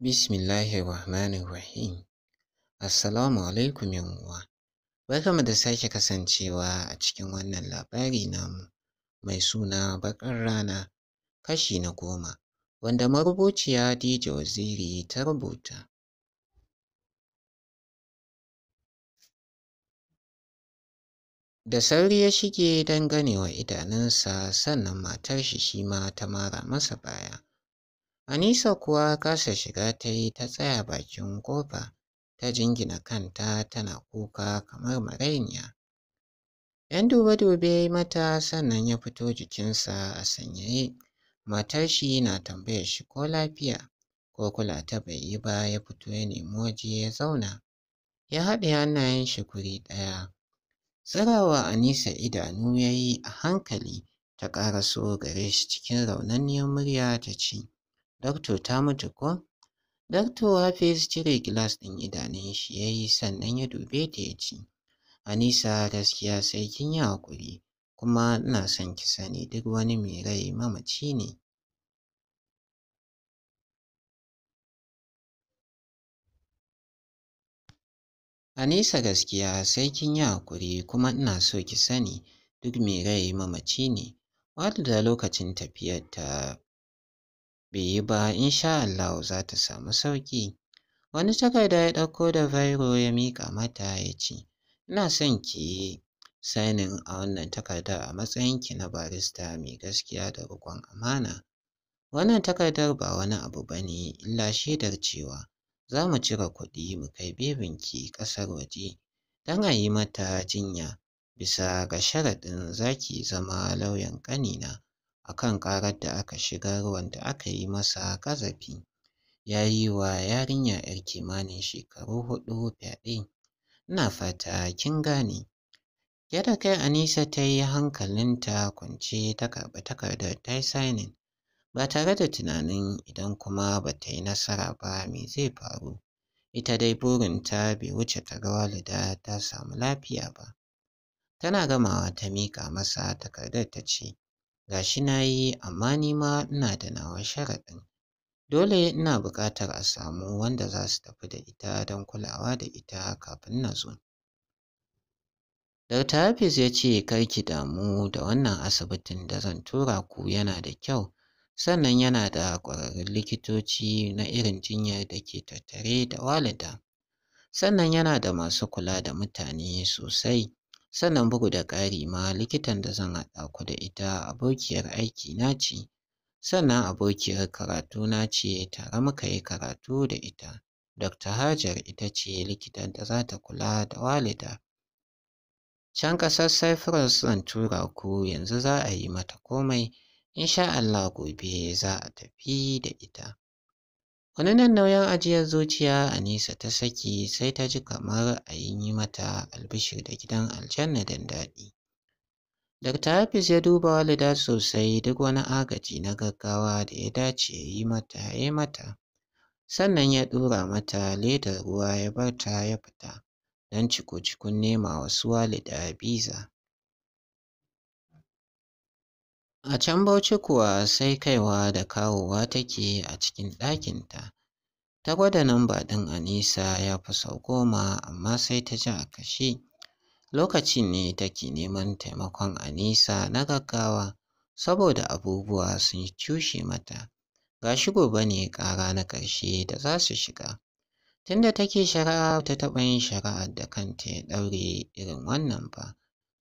Bismillahir Rahmanir Rahim. Assalamu alaikum uwa. Barkamu da sake kasancewa a cikin wannan labari namu mai suna Bakar Rana kashi na goma wanda marubuciya Dija Waziri ta rubuta. Da sauri ya shige don ganewa idanunsa sannan matar shi shi ma ta mara masa baya. Anisa kuwa kasa shiga ta yi ta tsaya bakin ƙofa ta jingina kanta tana kuka kamar marainiya. ‘Yan dube-dube ya yi mata sannan ya fito jikinsa a sanyaye. Matar shi na tambayar shi ko lafiya, ko kula ta bai yi ba ya fito ya nemi waje ya zauna. Ya haɗe hannayen shi guri ɗaya. Tsirawa Anisa idanu ya yi a hankali ta ƙara gare shi cikin raunanniyar murya ta ce, Dakto ta mutu ko? Dakto Hafiz cire gilas ɗin idanun shi ya yi sannan ya dube ta ya ce, Anisa gaskiya sai kin yi haƙuri, kuma ina son ki sani duk wani mai rai mamaci ne. Anisa gaskiya sai kin yi haƙuri kuma ina so ki sani duk mai rai mamaci ne. da lokacin tafiyarta biyu yi ba insha Allahu za ta samu sauƙi. Wani takarda ya ɗauko da Vairo ya miƙa mata ya ce, Ina son ki yi sainin a wannan takarda a matsayinki na barista mai gaskiya da rukon amana. Wannan takardar ba wani abu ba ne illa shaidar cewa za mu cire kuɗi mu kai bebinki ƙasar waje don a yi mata jinya bisa ga sharaɗin za ki zama lauyan ƙanina akan ƙarar da aka shiga ruwan da aka yi masa ƙazafi ya yi wa yarinya 'yar kimanin shekaru huɗu fyaɗe ina fata kin gane Ya da kai Anisa ta yi hankalinta kwance ta karɓi takardar ta yi sainin. ba tare da tunanin idan kuma ba ta yi nasara ba me zai faru ita dai burinta bai wuce ta ga walida ta samu lafiya ba tana gamawa ta miƙa masa takardar ta ce ga shi na yi amma ni ma ina da nawa sharaɗin. Dole ina buƙatar a samu wanda za su tafi da ita don kulawa da ita kafin na zo. Dr. Hafiz ya ce kar ki damu da wannan asibitin da zan tura ku yana da kyau sannan yana da ƙwararrun likitoci na irin jinyar da ke tattare da walida. Sannan yana da masu kula da mutane sosai sannan bugu da ƙari ma likitan da zan haɗa ku da ita abokiyar aiki na ce sannan abokiyar karatu na ce tare muka yi karatu da ita Dr. Hajar ita ce likitan da za ta kula da walida can ƙasar Cyprus zan tura ku yanzu za a yi mata komai in sha Allah gobe za a tafi da ita Kunanan nauyin ajiyar zuciya nesa ta saki sai ta ji kamar a yi mata albishir da gidan aljanna don daɗi. Dr. Hafiz ya duba Walida sosai duk wani agaji na gaggawa da ya dace ya yi mata ya yi mata. Sannan ya ɗora mata ledar ruwa ya bar ta ya fita don ciko-cikon nema wasu Walida biza. A can Bauchi kuwa sai kaiwa da kawowa take a cikin ɗakinta. Ta gwada namba ɗin Anisa ya fi sau goma amma sai ta ji a kashe. Lokaci ne take neman taimakon Anisa na gaggawa saboda abubuwa sun cushe mata. Ga shi gobe ne ƙara na ƙarshe da za su shiga. Tunda take shari'a ta taɓa yin shari'ar da kanta ya ɗaure irin wannan ba.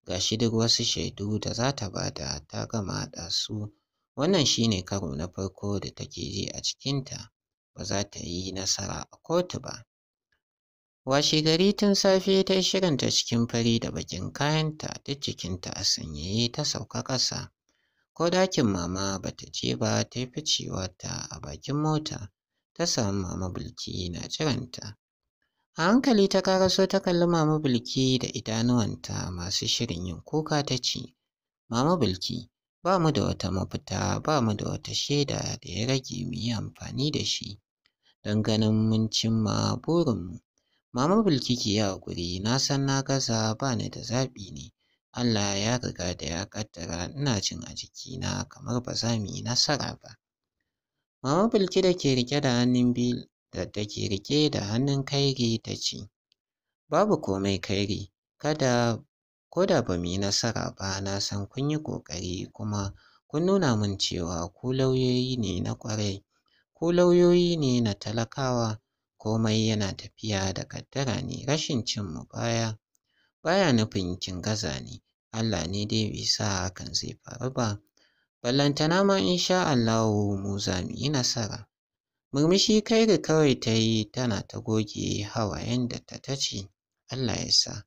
ga shi duk wasu shaidu da za ta bada ta gama da su wannan shi ne karo na farko da take ji a cikinta ba za ta yi nasara a kotu ba washe gari tun safe ta shirinta cikin fari da bakin kayanta duk jikinta a sanyaye ta sauka ƙasa ko dakin mama ba ta je ba ta yi ficewa a bakin mota ta samu mama bulki na jiranta A hankali ta karaso ta kalli Mama Bilki da idanuwanta masu shirin yin kuka ta ce, Mama Bilki, ba mu da wata mafita, ba mu da wata shaida da ya rage mu yi amfani da shi don ganin mun cimma burinmu. Mama Bilki ki yi haƙuri, na san na gaza ba ni da zaɓi ne. Allah ya riga da ya ƙaddara ina jin a jikina kamar ba za mu yi nasara ba. Mama Bilki da ke rike da hannun biyu. da take riƙe da hannun kairi ta ce babu komai kairi kada ko da ba mu yi nasara ba na san kun yi ƙoƙari kuma kun nuna min cewa ku lauyoyi ne na ƙwarai ku lauyoyi ne na talakawa komai yana tafiya da kaddara ne rashin cin mu baya baya nufin kin gaza ne Allah ne dai bai sa hakan zai faru ba ballantana ma sha Allahu mu za mu yi nasara Murmushi kairi kawai ta yi tana ta goge hawayen da ta tace Allah ya sa.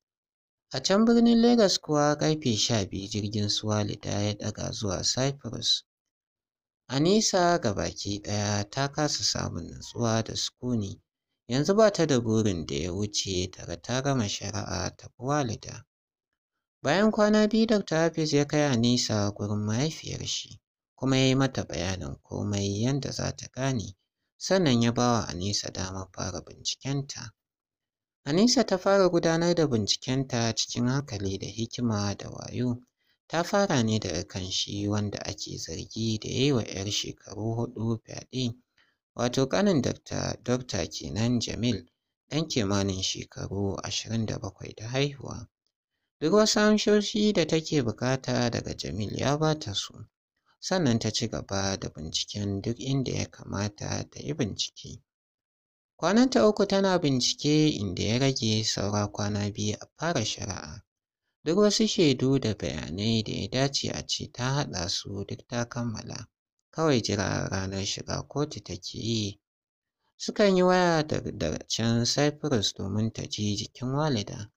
A can birnin Legas kuwa karfe sha biyu jirgin Suwalida ya daga zuwa Cyprus. Anisa baki ɗaya ta kasa samun nutsuwa da sukuni. Yanzu ba ta da burin da ya wuce ta ga ta gama shari'a ta walida. Bayan kwana biyu Dr. Hafiz ya kai Anisa gurin mahaifiyar shi kuma ya yi mata bayanin komai yanda za ta gane sannan ya ba wa Anisa damar fara bincikenta. Anisa ta fara gudanar da bincikenta cikin hankali da hikima da wayo. Ta fara ne daga kan shi wanda ake zargi da yi wa 'yar shekaru huɗu fyaɗe, wato ƙanin dokta kenan Jamil, ɗan kimanin shekaru ashirin da bakwai da haihuwa. Duk wasu amshoshi da take buƙata daga Jamil ya ba ta su. sannan ta ci gaba da binciken duk inda ya kamata ta yi bincike. ta uku tana bincike inda ya rage saura kwana biyu a fara shari'a. Duk wasu shaidu da bayanai da ya dace a ce ta haɗa su duk ta kammala, kawai jira ranar shiga kotu take yi. Sukan yi waya da can Cyprus domin ta je jikin walida,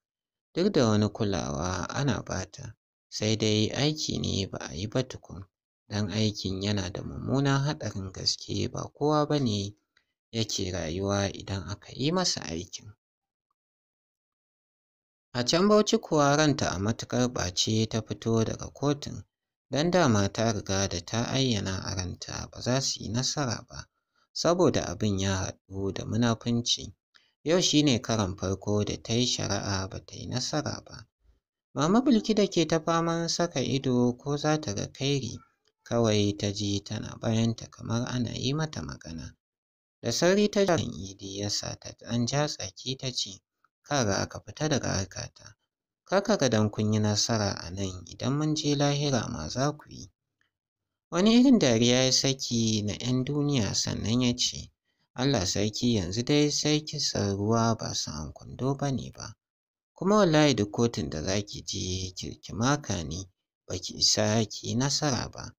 duk da wani kulawa ana ba ta, sai dai aiki ne ba a yi ba tukun. dan aikin yana da mummunan haɗarin gaske ba kowa ba ne yake rayuwa idan aka yi masa aikin. A can Bauchi kuwa ranta a matuƙar ɓace ta fito daga kotun, don dama ta riga da ta ayyana a ranta ba za su yi nasara ba, saboda abin ya haɗu da munafunci. Yau shi ne karon farko da ta yi shari'a ba ta yi nasara ba. Mama Bilki da ke ta faman saka ido ko za ta ga kairi. kawai ta ji tana bayanta kamar ana yi mata magana. Da sauri ta jan idi ya sa ta an ja tsaki ta ce, kara aka fita daga harkata. Ka ga gadon kun yi nasara a nan idan mun je lahira ma za ku yi. Wani irin dariya ya saki na 'yan duniya sannan ya ce, Allah sarki yanzu dai sai kisan ruwa ba sa'an kwando ba ne ba. Kuma wallahi duk kotun da za ki je kirkimaka ne ba ki isa ki yi nasara ba.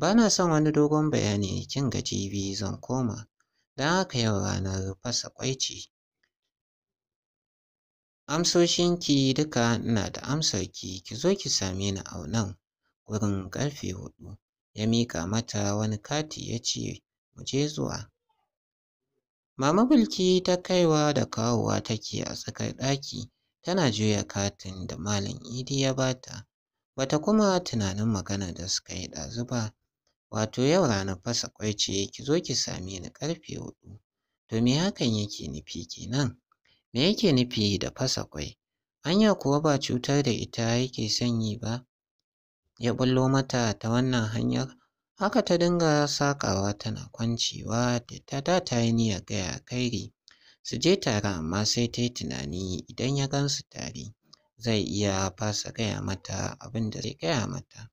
Ba na son wani dogon bayani kin ga zan koma, don haka yau ranar fasa ƙwai ce. ki duka ina da amsar ki ki zo ki same ni a nan wurin ƙarfe hudu Ya mika mata wani kati ya ce mu je zuwa. Mama Bilki ta kaiwa da kawowa take a tsakar ɗaki tana juya katin da Malam Idi ya bata. Bata kuma tunanin maganar da suka yi ɗazu ba Wato yau ranar fasa ƙwai ce ki zo ki same ni ƙarfe huɗu. To me hakan yake nufi kenan? Me yake nufi da fasa ƙwai? Anya kuwa ba cutar da ita yake sanyi ba? Ya bullo mata ta wannan hanyar? Haka ta dinga sakawa tana kwancewa da ta da ta yi niyyar gaya kairi. Su je tare amma sai ta yi tunani idan ya gan su tare zai iya fasa gaya mata abin da zai gaya mata.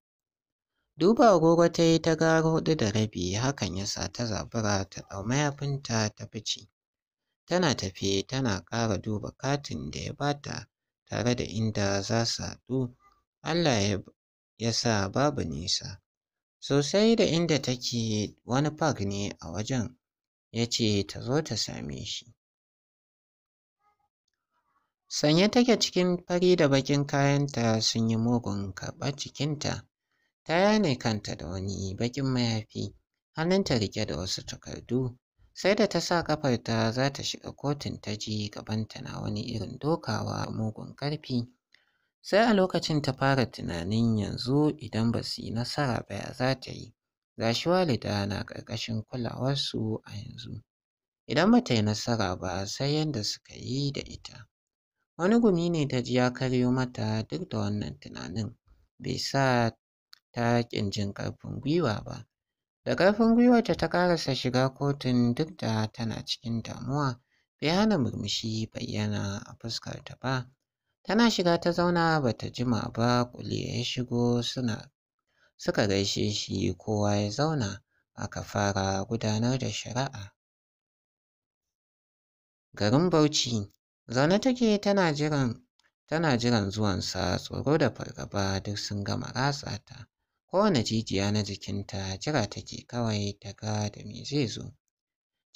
Duba agogo ta yi ta gara hudu da rabi hakan ya sa ta zabura ta ɗau mayafinta ta fice. Tana tafe tana ƙara duba katin da ya bata tare da inda za su haɗu. Allah ya sa babu nisa. Sosai da inda take wani park ne a wajen ya ce ta zo ta same shi. Sanye take cikin fari da baƙin kayanta sun yi mugun karɓar jikinta. ta yane kanta da wani baƙin mayafi hannun ta rike da wasu takardu sai da ta sa ƙafarta za ta shiga kotun ta ji gabanta na wani irin dokawa mugun ƙarfi sai a lokacin ta fara tunanin yanzu idan ba su yi nasara ba ya za ta yi ga shi walida na ƙarƙashin kulawarsu a yanzu idan ba ta yi nasara ba sai yadda suka yi da ita wani gumi ne ta ji ya karyo mata duk da wannan tunanin bai sa ta ƙin jin ƙarfin gwiwa ba. Da ƙarfin gwiwarta ta ƙarasa shiga kotun duk da tana cikin damuwa, bai hana murmushi bayyana a fuskarta ba. Tana shiga ta zauna ba ta jima ba ƙuli ya shigo suna suka gaishe shi kowa ya zauna aka fara gudanar da shari'a. Garin Bauchi zaune take tana jiran tana jiran zuwansa tsoro da fargaba duk sun gama ratsa ta. kowane jijiya na jikinta jira take kawai ta ga da me zai zo.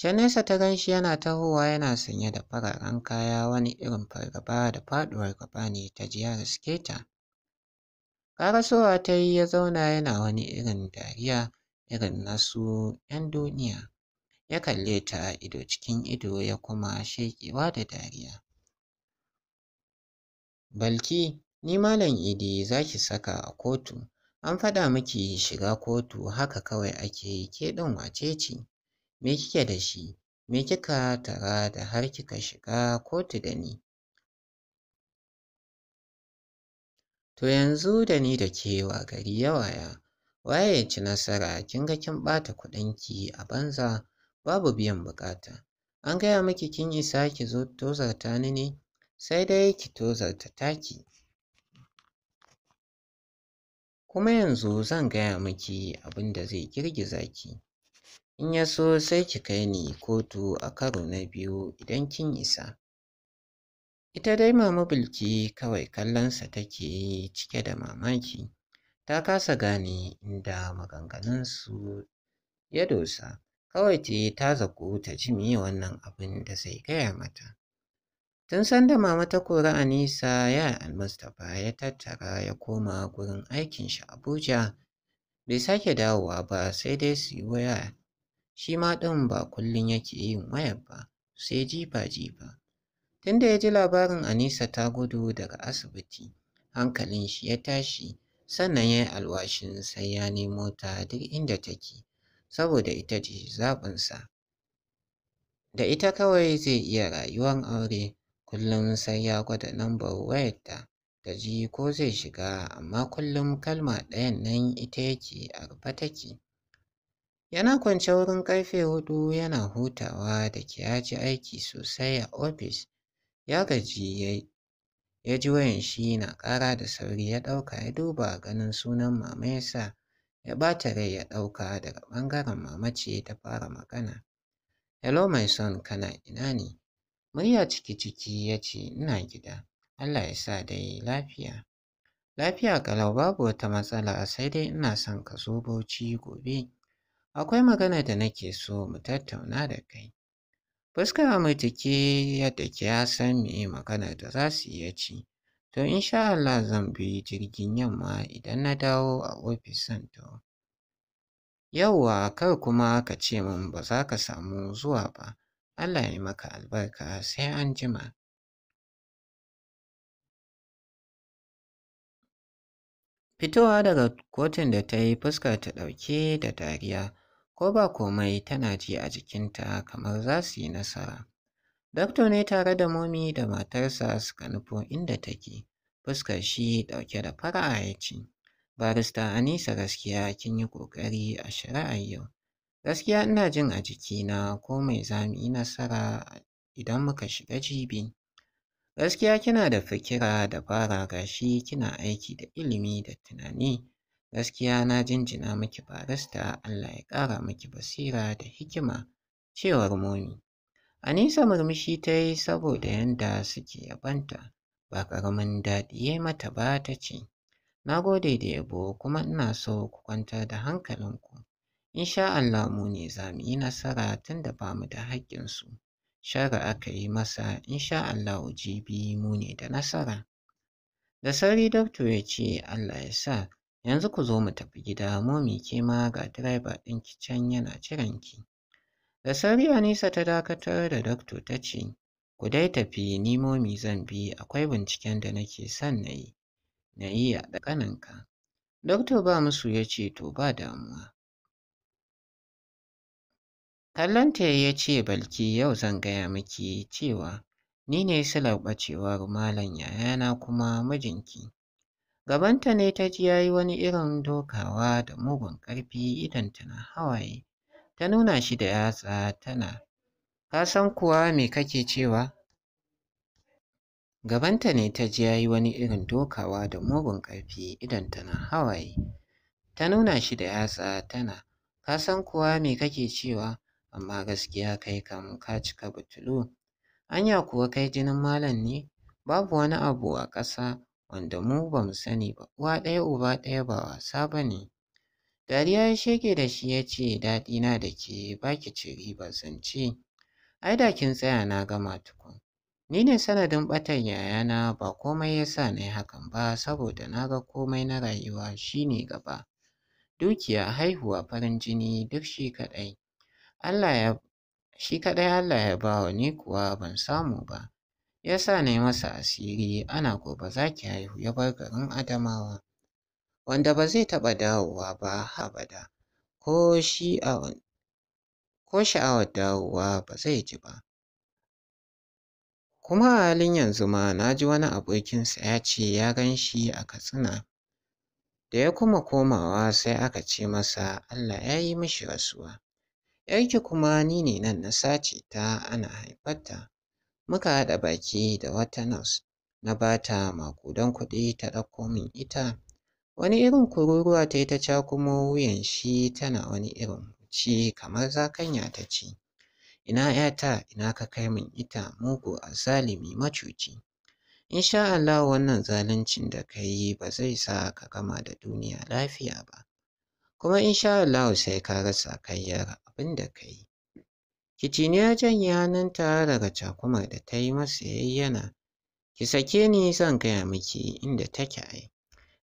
Can nesa ta ganshi yana tahowa yana sanye da fararen kaya wani irin fargaba da faɗuwar gaba ne ta ji ya riske ta. Karasowa ta yi ya zauna yana wani irin dariya irin nasu 'yan duniya. Ya kalle ta ido cikin ido ya kuma sheƙewa da dariya. Balki, ni Malam Idi za ki saka a kotu. An faɗa miki shiga kotu haka kawai ake yi ke ɗin wace ce? Me kike da shi? Me kika tara da har kika shiga kotu da ni? To yanzu da ni da ke wa gari ya waya, waye ya ci nasara kin ga kin ɓata kuɗin ki a banza babu biyan buƙata. An gaya miki kin isa ki zo tozarta ni ne? Sai dai ki tozarta taki. kuma yanzu zan gaya miki abin da zai girgiza ki. In ya so sai ki kai ni kotu a karo na biyu idan kin isa. Ita dai Mama Bilki kawai kallonsa take yi cike da mamaki, ta kasa gane inda maganganunsu ya dosa, kawai ce ta zaƙu ta ji wannan abin da zai gaya mata. Tun sanda mama ta kori Anisa ya Mustapha ya tattara ya koma gurin aikin shi Abuja. Bai sake dawowa ba sai dai su yi waya. Shi ma ɗin ba kullum yake yin waya ba, sai jifa-jifa. Tunda ya ji labarin Anisa ta gudu daga asibiti, hankalin shi ya tashi, sannan ya yi alwashin sai ya nemo ta duk inda take, saboda ita ce zaɓinsa. Da ita kawai zai iya rayuwar aure. Kullum sai ya gwada lambar wayarta ta ji ko zai shiga amma kullum kalma ɗayan nan ita yake a rufe take. Yana kwance wurin ƙarfe hudu yana hutawa da ke ya ji aiki sosai a ofis. Ya gaji ya ji wayan shi na ƙara da sauri ya ɗauka ya duba ganin sunan mama yasa ya ɓata rai ya ɗauka daga ɓangaren mama ce ta fara magana. Hello my son kana ina ne? Murya ciki-ciki ya ce, Ina gida, Allah ya sa dai lafiya. Lafiya ƙalau babu wata matsala sai dai ina son ka zo Bauchi gobe. Akwai magana da nake so mu tattauna da kai. Fuskar amurtake yadda ke ya san me magana da za su iya ci. To insha Allah zan bi jirgin yamma idan na dawo a ofis to. Yauwa kar kuma ka ce min ba za ka samu zuwa ba. Allah ya maka albarka sai an jima. Fitowa daga kotun da ta yi fuskar ta ɗauke da dariya, ko ba komai tana ji a jikinta kamar za su yi nasara. Dokto ne tare da momi da matarsa suka nufo inda take, fuskar shi ɗauke da fara'a ya ce, Barista Anisa gaskiya kin yi ƙoƙari a shari'ar yau. Gaskiya ina jin a jikina ko mai zami nasara idan muka shiga jibi. Gaskiya kina da fikira da fara gashi kina aiki da ilimi da tunani. Gaskiya na jinjina miki barista Allah ya ƙara miki basira da hikima cewar Momi. Anisa murmushi ta yi saboda yanda suke yabanta ba ƙaramin daɗi ya mata ba ta ce, Na gode da yabo kuma ina so ku kwantar da hankalinku. Insha Allah mu ne za mu yi nasara tun da ba mu da haƙƙinsu. Shari aka yi masa, insha Allah jibi mu ne da nasara. Da sauri Dokto ya ce Allah ya sa yanzu ku zo mu tafi gida momi ke ma ga direba ɗin can yana jiran ki. Da sauri nisa ta dakatar da Dokto ta ce ku dai tafi ni momi zan bi akwai binciken da nake son na yi na yi a ɗakaninka. Dokto ba musu ya ce to ba damuwa. Kallonta ya ya ce, Balki yau zan gaya miki cewa ni ne silar ɓacewar Malam Yayana kuma mijinki. Gabanta ne ta ji ya yi wani irin dokawa da mugun ƙarfi idan na hawaye, ta nuna shi da yatsa tana, Ka san kuwa me kake cewa? Gabanta ne ta ji ya yi wani irin dokawa da mugun ƙarfi idan na hawaye, ta nuna shi da yatsa tana, Ka san kuwa me kake cewa? amma gaskiya kai kam ka cika butulu anya kuwa kai jinin malam ne babu wani abu a ƙasa wanda mu bamu sani ba uwa ɗaya uba ɗaya ba wasa ba ne dariya ya sheke da shi ya ce daɗina da ke baki ciri ba zance ai da kin tsaya na gama tukun ni ne sanadin ɓatan yayana ba komai ya sa na yi hakan ba saboda na ga komai na rayuwa shine gaba dukiya haihuwa farin jini duk shi kaɗai Allah ya shi kaɗai Allah ya bawa ni kuwa ban samu ba. Ya sa na yi masa asiri ana gobe za ki haihu ya bar garin Adamawa. Wanda ba zai taɓa dawowa ba abada, ko shi a ko sha'awar dawowa ba zai ji ba. Kuma a halin yanzu ma na ji wani abokinsa ya ce ya gan shi a Katsina. Da ya kuma komawa sai aka ce masa Allah ya yi mishi rasuwa. ‘yarki kuma ni ne nan na sace ta ana haifarta. Muka haɗa baki da wata nas na ba ta maƙudan kuɗi ta ɗauko min ita. Wani irin kururuwa ta yi ta cakumo wuyan shi tana wani irin ci kamar zakanya ta ce, Ina ‘yata, ina ka kai min ita mugu a zalimi macuci. Insha Allah wannan zaluncin da ka yi ba zai sa ka gama da duniya lafiya ba. Kuma insha Allah sai ka rasa kayyar abin da ka yi. Kicini ya janye hannunta daga cakumar da ta yi masa yayyana. Ki sake ni zan gaya miki inda take ai.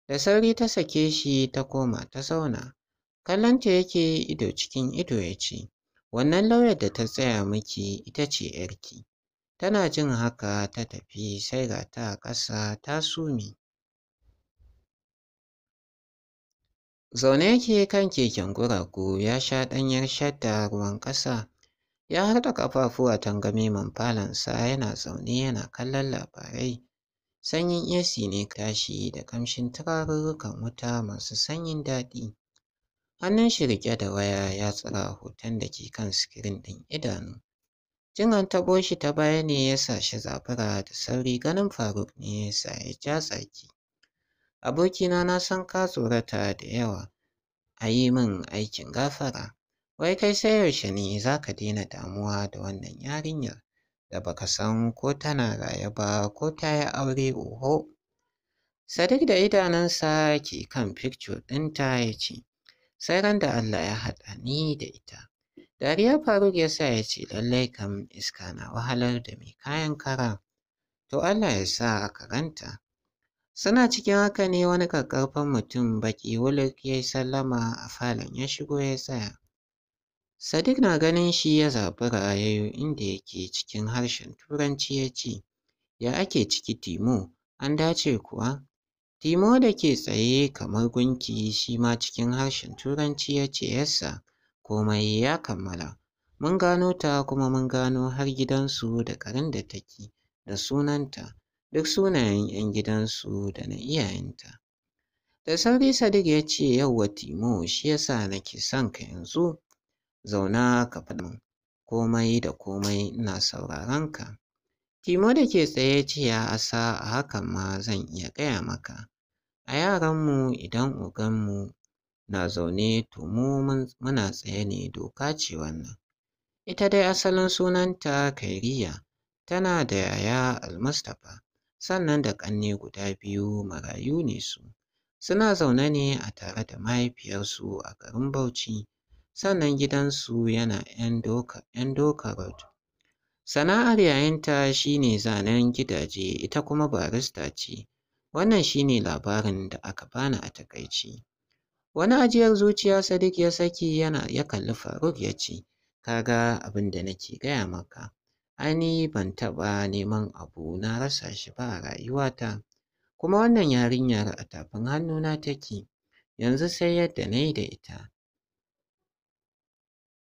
Da sauri ta sake shi ta koma ta zauna. Kallonta yake ido cikin ido ya ce, Wannan lauyar da ta tsaya miki ita ce ‘yarki. Tana jin haka ta tafi sai ga ta ƙasa ta sumi. Zaune yake kan keken guragu ya sha ɗanyar shadda ruwan ƙasa. Ya harda a a man falonsa, yana zaune yana kallon labarai. Sanyin AC ne kashi da kamshin turarurrukan wuta masu sanyin daɗi. Hannun shi riƙe da waya ya tsira hoton da ke kan sikirin ɗin idanu. jinan taɓo shi ta baya ne ya sa shi zabura da sauri ganin Faruk ne ya sa ya ja tsaki. Abokina na san ka tsorata da yawa. A yi min aikin gafara. Wai kai sai yaushe ne za ka daina damuwa da wannan yarinyar da baka san ko tana raye ba ko ta yi aure oho. Sadik da idanunsa ke kan fikco ɗinta ya ce, sai ran da Allah ya haɗa ni da ita. Dariya Faruk ya sa ya ce lallai kam iska na wahalar da mai kayan kara. To Allah ya sa ka ranta. Suna cikin haka ne wani ƙaƙƙarfan mutum baƙi wuluk ya yi sallama a falon ya shigo ya tsaya. Sadiq na ganin shi ya zaɓi ra'ayoyi inda yake cikin harshen Turanci ya ce, Ya ake ciki Timo, an dace kuwa? Timo da ke tsaye kamar gunki shi ma cikin harshen Turanci ya ce, Yassa, komai ya kammala. Mun gano ta kuma mun gano har gidansu da karen da take da sunanta. duk sunayen 'yan gidansu da na iyayenta. Da sauri Sadiq ya ce yauwa Timo shi yasa nake son ka yanzu zauna ka faɗa min komai da komai ina sauraron ka. Timo da ke tsaye ce ya sa a hakan ma zan iya gaya maka. A yaranmu idan oganmu na zaune to mu muna tsaye ne doka ce wannan. Ita dai asalin sunanta Kairiya tana da yaya Almustapha sannan da ƙanne guda biyu marayu ne su. Suna zaune ne a tare da mahaifiyarsu a garin Bauchi, sannan gidansu yana 'yan doka, road. Sana'ar yayinta shine zanen gidaje ita kuma barista ce. Wannan shine labarin da aka bani a takaici. Wani ajiyar zuciya Sadiq ya saki yana ya kalli Faruk ya ce, ka ga abin da nake gaya maka. Ani ban taɓa neman abu na rasa shi ba a rayuwata. Kuma wannan yarinyar a tafin hannuna take, yanzu sai yadda na yi da ita.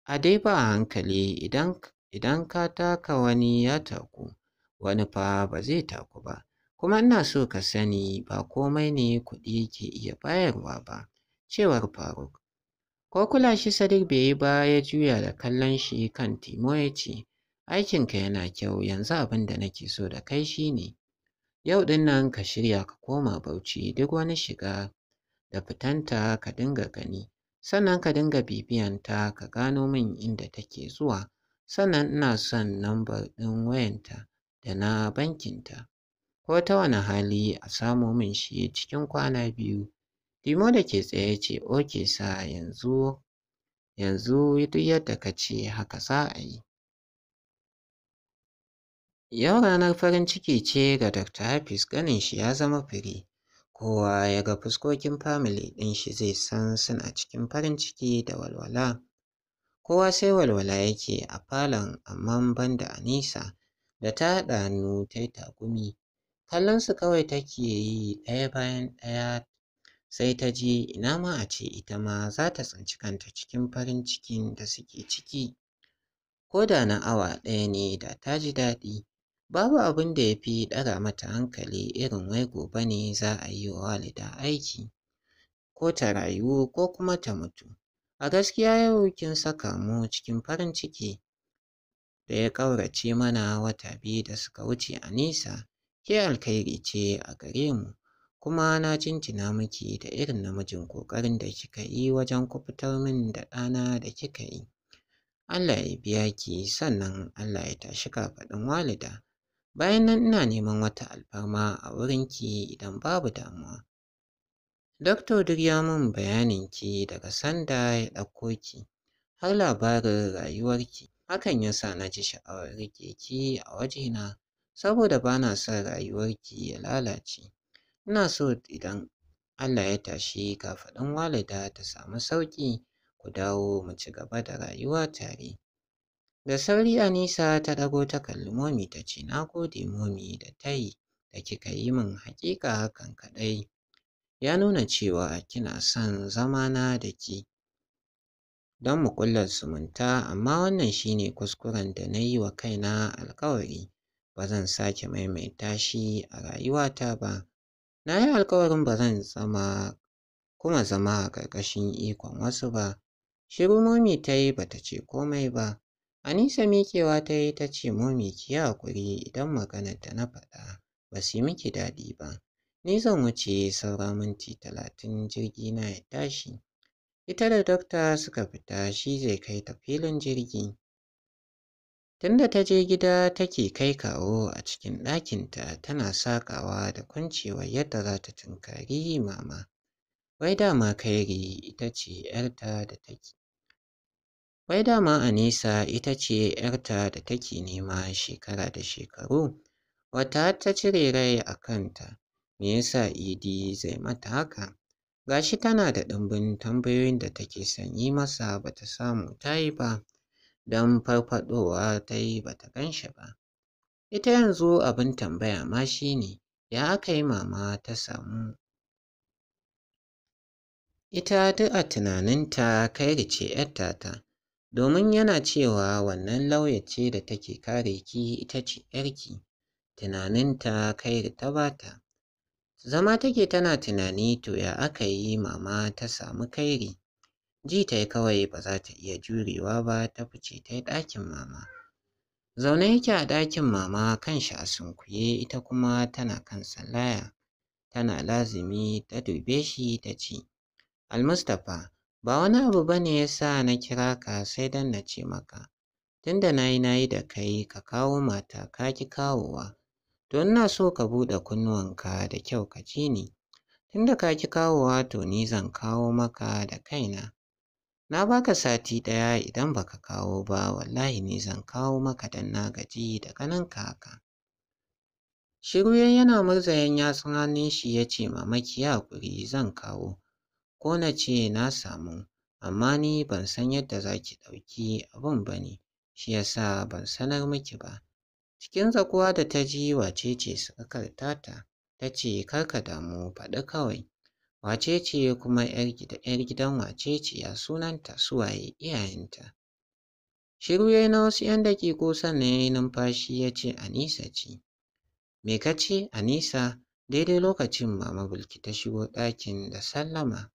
A dai ba a hankali idan, idan ka taka wani ya taku, wani fa ba zai taku ba. Kuma ina so ka sani ba komai ne kuɗi ke iya bayarwa ba, cewar Faruk. Ko kula shi Sadiq bai yi ba ya juya da kallon shi kan Timo ya ce, aikinka yana kyau yanzu abin da nake so da kai shi ne. yau ɗin nan ka shirya ka koma Bauchi duk wani shiga da fitanta ka dinga gani sannan ka dinga bibiyanta ka gano min inda take zuwa sannan ina son lambar ɗin wayanta da na bankinta ko ta wani hali a samo min shi cikin kwana biyu Limo da ke tsaye ce oke sa yanzu yanzu duk yadda ka ce haka za a yi Yau ranar farin ciki ce ga Dr. Hafiz ganin shi ya zama fure. Kowa ya ga fuskokin famili ɗin shi zai san suna cikin farin ciki da walwala. Kowa sai walwala yake a falon amma ban da Anisa da ta haɗa hannu ta yi takumi. kallon su kawai take yi ɗaya bayan ɗaya sai ta ji ina ma a ce ita ma za ta tsinci kanta cikin farin cikin da suke ciki. Ko da na awa ɗaya ne da ta ji daɗi. Babu abin da ya fi ɗaga mata hankali irin wai gobe ne za a yi wa walida aiki, ko ta rayu ko kuma ta mutu. A gaskiya yau kin saka mu cikin farin ciki da ya ƙaurace mana wata biyu da suka wuce a nisa. ke alkhairi ce a gare mu, kuma na jinjina miki da irin namijin ƙoƙarin da kika yi wajen kuɓutar min da ɗana da kika yi. Allah ya biya ki sannan Allah ya tashi kafaɗin walida. Bayan nan ina neman wata alfarma a wurin ki idan babu damuwa. Doktor duk ya min ki daga sanda ya ɗauko ki har labarin rayuwarki. Hakan ya sa na ji sha'awar riƙe ki a wajena saboda bana na son rayuwarki ya lalace. Ina so idan Allah ya tashi kafaɗin walida ta samu sauƙi ku dawo mu ci gaba da rayuwa tare. Da sauri Anisa ta ɗago ta kalli momi ta ce, Na gode momi da ta yi da kika yi min haƙiƙa hakan kaɗai. Ya nuna cewa kina son zamana da ki. Don mu ƙulla zumunta, amma wannan shi ne kuskuren da na yi wa kaina alkawari. Ba zan sake maimaita shi a rayuwata ba. Na yi alkawarin ba zan kuma zama a ƙarƙashin ikon wasu ba. Shiru momi ta yi ba ta ce komai ba. Anisa mikewa ta yi ta ce momi mai yi haƙuri idan maganar da na faɗa ba su yi miki daɗi ba. Ni zan wuce saura minti talatin jirgi na ya tashi. Ita da dokta suka fita shi zai kai ta filin jirgi. Tunda ta je gida take kai kawo a cikin ɗakinta tana saƙawa da kwancewa yadda za ta tunkari mama. Wai dama Kairi ita ce ‘yarta da take Wai dama Anisa ita ce 'yarta da take nema shekara da shekaru, wata ta cire rai a kanta, me ya Idi zai mata haka? Ga shi tana da ɗimbin tambayoyin da take son yi masa ba ta samu ta yi ba, don farfaɗowa ta yi ba ta gan shi ba. Ita yanzu abin tambaya ma shi ne, ya aka yi mama ta samu? Ita duk a tunaninta Kairi ce 'yar tata, domin yana cewa wannan lauya ce da take kare ki ita ce ‘yarki, tunaninta kai da ta bata. Zama take tana tunani to ya aka yi mama ta samu kairi. Ji ta kawai ba za ta iya jurewa ba ta fice ta yi ɗakin mama. Zaune yake a ɗakin mama kan kanshi a sunkuye ita kuma tana kan salaya, Tana lazumi ta dube shi ta ce, Almustapha, Ba wani abu ba ne ya sa na kira ka sai don na ce maka, tunda na yi na yi da kai ka kawo mata ka ki kawowa, to ina so ka buɗe kunnuwanka da kyau ka ji ni, tunda ka ki kawowa to ni zan kawo maka da kaina. Na baka sati ɗaya idan baka kawo ba wallahi ni zan kawo maka don na gaji da ganinka haka. Shiru yana murzayen yatsun hannun shi ya ce mamaki ya hakuri zan kawo. ko ce na samu amma ni ban san yadda za ki ɗauki abin ba ne shi yasa ban sanar miki ba. Cikin zakuwa da ta ji wace ce sakakar ta ta ce kar ka damu faɗi kawai. Wace ce kuma 'yar gidan wace ce ya sunanta suwaye iyayenta. Shiru ya yi na wasu ‘yan daƙiƙu sannan ya yi numfashi ya ce Anisa ce. Me ka ce Anisa? Daidai lokacin Mama bulki ta shigo ɗakin da sallama.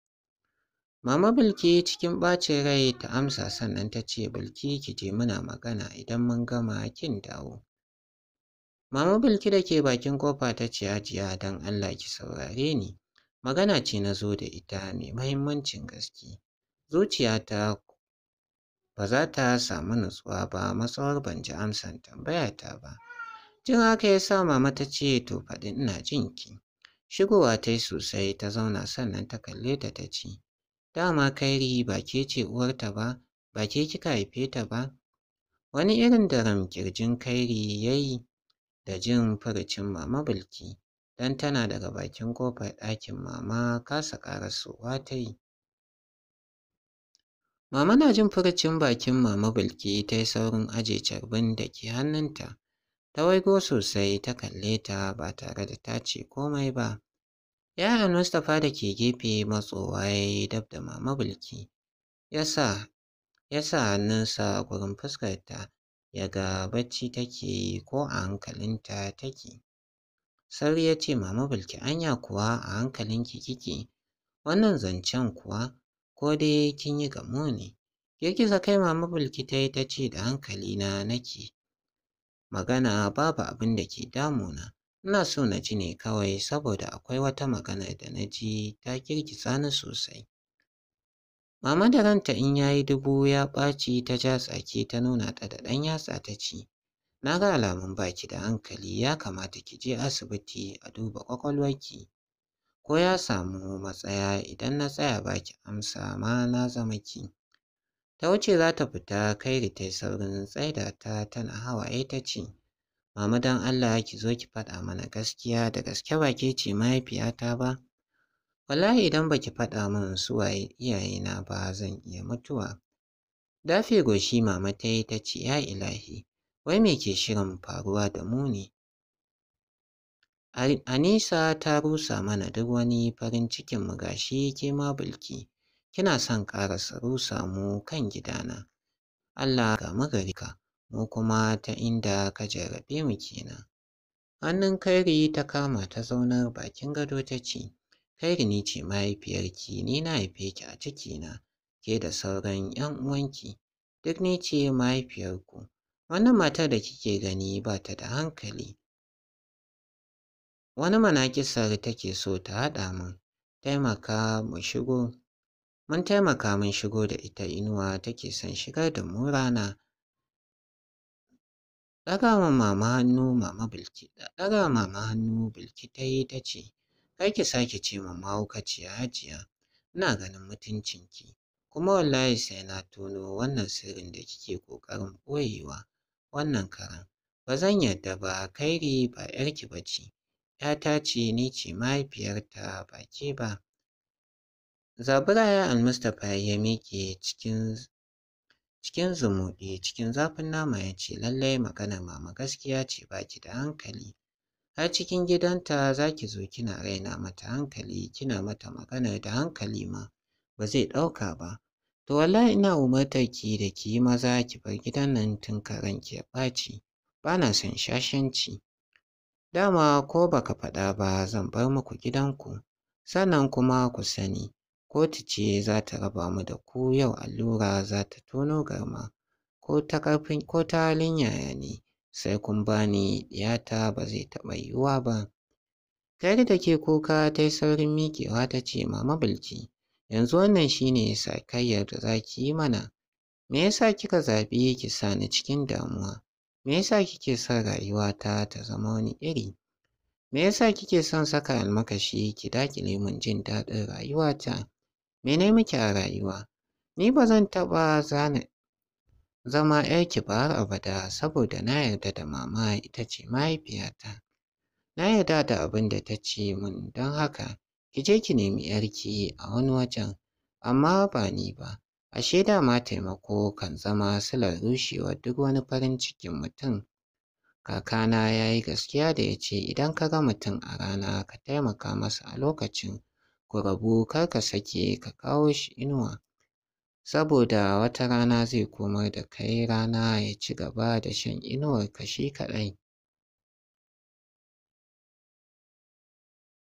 Mama Bilki cikin ɓacin rai ta amsa sannan ta ce Bilki ki je muna magana idan mun gama kin dawo. Mama Bilki da ke bakin kofa ta ce Hajiya don Allah ki saurare ni. Magana ce na zo da ita mai mahimmancin gaske. Zuciyata ba za ta samu nutsuwa ba matsawar ban ji amsan tambayata ba. Jin haka ya sa mama ta ce to faɗi ina jin ki. Shigowa ta yi sosai ta zauna sannan ta kalle ta ta ce dama Kairi ba ke ce uwarta ba, ba ke kika haife ta ba. Wani irin daram ƙirjin Kairi ya yi da jin furucin Mama Bilki, don tana daga bakin ƙofar ɗakin Mama kasa ƙarasowa ta yi. Mama na jin furucin bakin Mama Bilki ta yi saurin aje carbin da ke hannunta. Ta waigo sosai ta kalle ta ba tare da ta ce komai ba. Yaron Mustapha da ke gefe matsowa ya yi dab da Mama Bilki, ya sa hannunsa gurin fuskarta ya ga bacci take yi ko a hankalinta take. Sauri ya ce Mama Bilki anya kuwa a hankalinki kike, wannan zancen kuwa ko dai kin yi gamo ne. Girgiza kai Mama Bilki ta yi ta ce da hankalina nake magana babu abin da ke damuna. Ina so na ji ne kawai saboda akwai wata magana da na ji ta girgiza ni sosai. Mama da ranta in ya yi dubu ya ɓaci ta ja tsaki ta nuna ta da ɗan yatsa ta ce, Na ga alamun baki da hankali ya kamata ki je asibiti a duba ƙwaƙwalwarki. Ko ya samu matsaya idan na tsaya baki amsa ma na zama ki. Ta wuce za ta fita Kairi ta yi saurin tsaida ta tana hawaye ta ce, Mama don Allah ki zo ki faɗa mana gaskiya da gaske ba ke ce mahaifiyata ba. Wallahi idan ba ki faɗa min su waye iyayena ba zan iya mutuwa. Dafe goshi mama ta yi ta ce ya ilahi, wai me ke shirin faruwa da mu ne? Anisa ta rusa mana duk wani farin cikin mu gashi ke ma bulki, kina son ƙara rusa mu kan gidana. Allah ga magarika. mu kuma ta inda ka jarrabe mu kenan. Hannun Kairi ta kama ta zaunar bakin gado ta ce, Kairi ni ce mahaifiyarki, ni na haife ki a cikina, ke da sauran 'yan uwanki, duk ni ce mahaifiyarku. Wannan matar da kike gani ba ta da hankali. Wani manakisar take so ta haɗa min, taimaka mu shigo. Mun taimaka mun shigo da ita inuwa take son shigar da mu rana. ɗaga wa mama hannu mama Bilki ɗaga mama hannu Bilki ta yi ta ce, kar ki sake ce ma mahaukaciya Hajiya, ina ganin mutuncin ki. kuma wallahi sai na tuno wannan sirrin da kike ƙoƙarin ɓoyewa wannan karen. Ba zan yarda ba Kairi ba 'yarki ba ce, 'yata ce ni ce mahaifiyarta ba ke ba. Zabura ya Almustapha ya miƙe cikin Cikin zumuɗi cikin zafin nama ya ce lallai maganar mama gaskiya ce ba ki da hankali. Har cikin gidanta za ki zo kina raina mata hankali kina mata maganar da hankali ma ba zai ɗauka ba. To wallahi ina umartar ki da ki yi maza ki bar gidan nan tun karen ki ya ɓaci. Ba na son shashanci. Dama ko baka faɗa ba zan bar muku gidanku. Sannan kuma ku sani Kotu ce za ta raba mu da ku yau allura za ta tono garma ko ta halin yaya ne sai kun bani yata ba zai taɓa yiwuwa ba. Tare da ke kuka ta yi saurin miƙewa ta ce mama bilci, yanzu wannan shine sakayyar da za ki yi mana. Me yasa kika zaɓi ki sa ni cikin damuwa? Me yasa kike son rayuwata ta zama wani iri? Me yasa kike son saka almakashi ki daƙile min jin daɗin rayuwata? mene muke a rayuwa ni ba zan taɓa zana zama ki ba har abada saboda na yarda da mama ita ce mahaifiyata na yarda da abin da ta ce min don haka ki je ki nemi yarki a wani wajen amma ba ni ba ashe dama taimako kan zama silar rushewar duk wani farin cikin mutum kakana ya yi gaskiya da ya ce idan ka ga mutum a rana ka taimaka masa a lokacin ku rabu kar ka sake ka kawo shi inuwa saboda wata rana zai komar da kai rana ya ci gaba da shan ka shi kaɗai.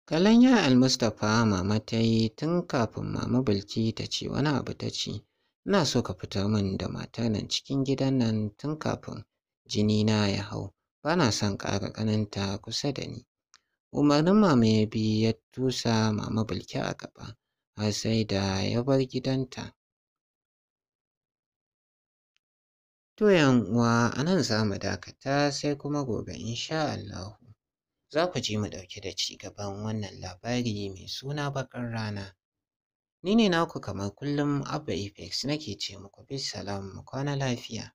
kalanya al Mustapha mama ta yi tun kafin mama bilki ta ce wani abu ta ce, Ina so ka fitar min da matar nan cikin gidan nan tun kafin jini na ya hau, bana son ƙara ƙaninta kusa da ni. Umarnin mama ya bi ya tusa mama Bilki a gaba har sai da ya bar gidanta. To uwa a nan za mu dakata sai kuma gobe insha Allahu. Za ku ji mu ɗauke da ci gaban wannan labari mai suna baƙar rana. Ni ne naku kamar kullum Abba Ifex nake ce muku bisalam mu kwana lafiya.